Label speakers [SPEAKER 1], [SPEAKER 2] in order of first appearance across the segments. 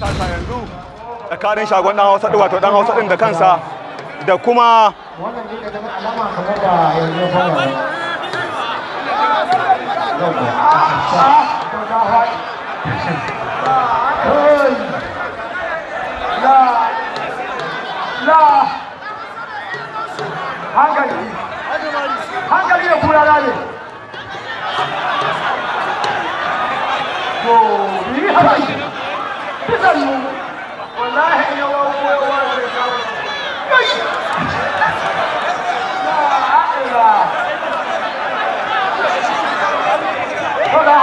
[SPEAKER 1] matasa yanzu tsakanin shagon dan hausa wato dan hausa din da kansa da kuma wannan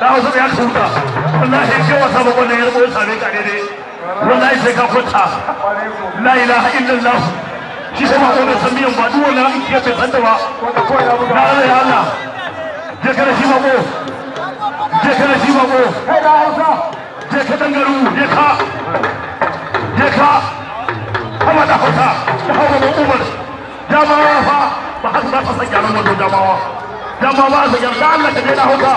[SPEAKER 1] da hausa da ya kuta wallahi in kai wasa ba wannan yarbo ya same ka daidai wallahi sai ka kwanta la ilaha illallah shi sai ma wannan samiyan ba duk wannan in bai na ya Allah je kana shi mako je kana shi mako je ka je ka je ka kama da hausa da hausa da umar jamawa ba haka za ka san jamawa jamawa ba a san gyaran da da hausa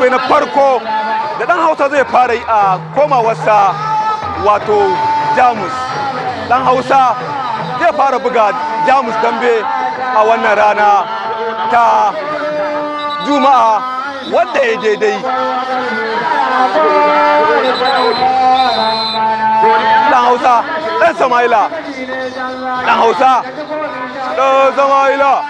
[SPEAKER 1] dambe na farko da dan hausa zai fara yi a komawarsa wato jamus dan hausa zai fara buga jamus dambe a wannan rana ta juma'a wadda ya daidai Ɗan hausa dan samaila dan hausa samaila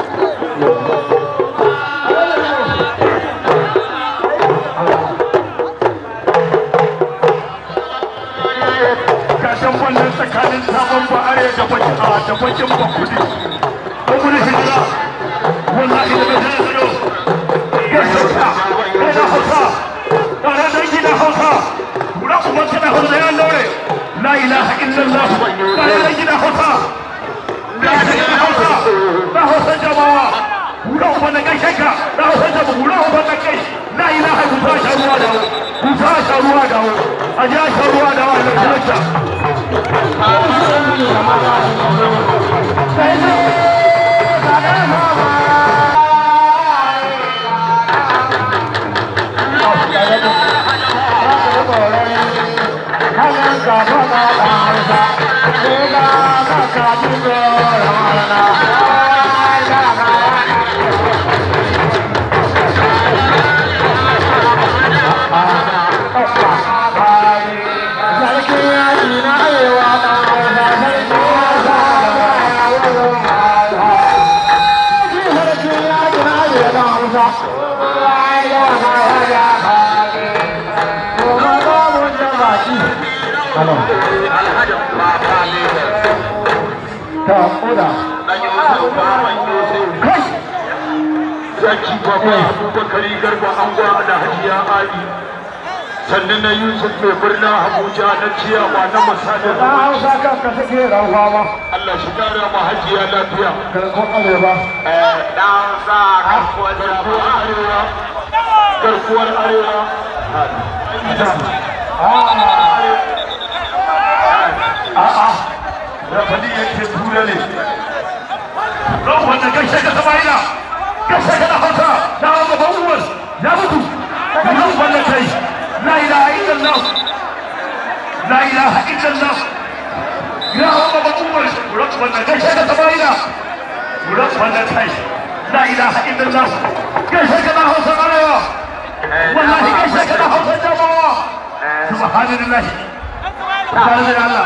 [SPEAKER 1] Eu então Depois tem um Alhaji Baba ne ta koda kai zaki baba abubakari garba angwa da hajiya ali sannan na yusuf mai birna abuja na ciyawa na masanin Allah shi kara ma hajiya lafiya eh, arewa garkuwar arewa a'a رفلية كتبورة لي روحنا كشكة سمعينا كشكة نحطها نعم بأول نعبدو روحنا كي لا إله إلا الله لا إله إلا الله نعم بأول روحنا كشكة سمعينا روحنا كي لا إله إلا الله كشكة نحطها سمعينا والله كشكة نحطها جماعة سبحان الله سبحان الله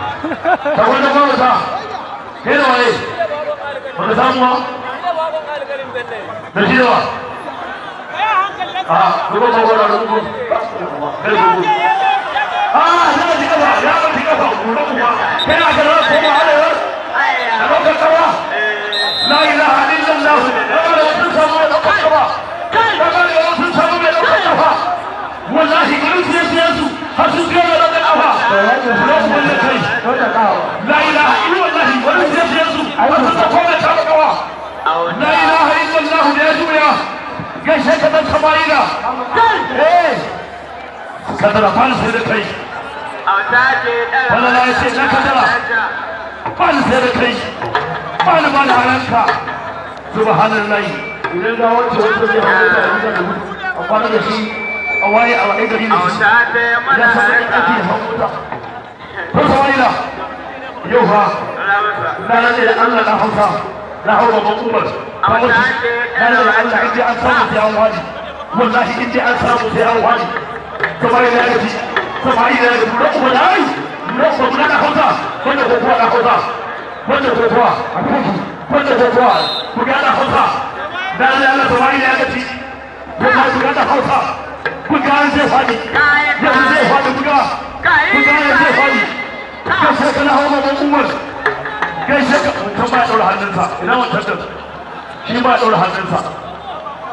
[SPEAKER 1] ta wani mawuta ke da waye ba ka samu ba da shi da ba a duba ba wani rubu kai rubu a ya ji kafa ya ji kafa kuma kuma
[SPEAKER 2] kai na ga rawa kuma
[SPEAKER 1] ala yau da ɗaukar kawa la ilaha illallah da kadara false da kai falala ya ce na kadara false da kai bani bani haranka subhanallah idan ga wacce wacce zai hau da ya da gudu a kwana da shi a waye a waye gari da shi ya saba in ake hau da ko sa wani yau fa na rage da Allah na hausa na hau da makumar ta wuce na rage da Allah inda an samu sai an wani wallahi inda an samu sai an wani kamar yana da ji samari da da duro kuma da hausa wanda ko kuwa hausa wanda ko kuwa wanda ko kuwa ku ga hausa da samari da da ji ko ma hausa ku an sai fadi ya ku sai fadi an sai fadi ka sai kana hawa da umar kai sai ka kan ba daura hannunsa idan wannan shi ba daura hannunsa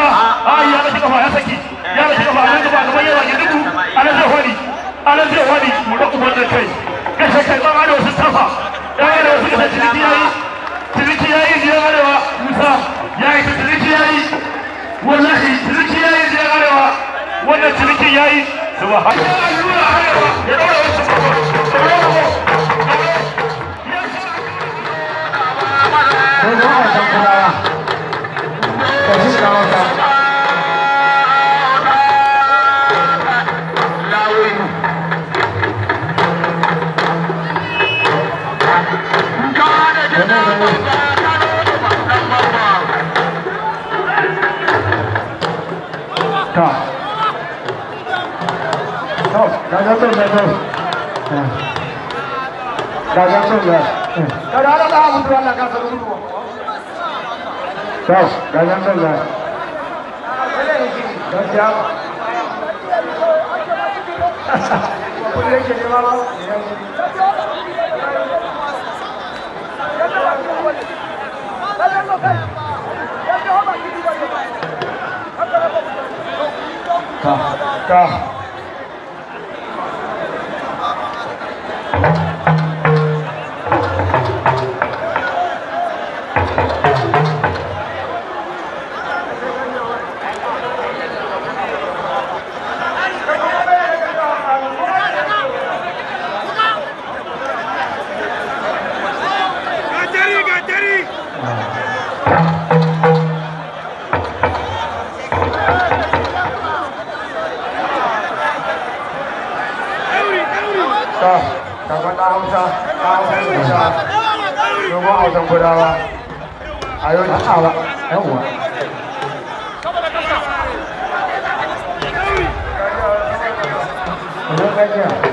[SPEAKER 1] kafa a ya bashi kafa ya saki yi Gagantong, eh. eh. Gajah. matan gudawa a yau awa yawwa Thank you.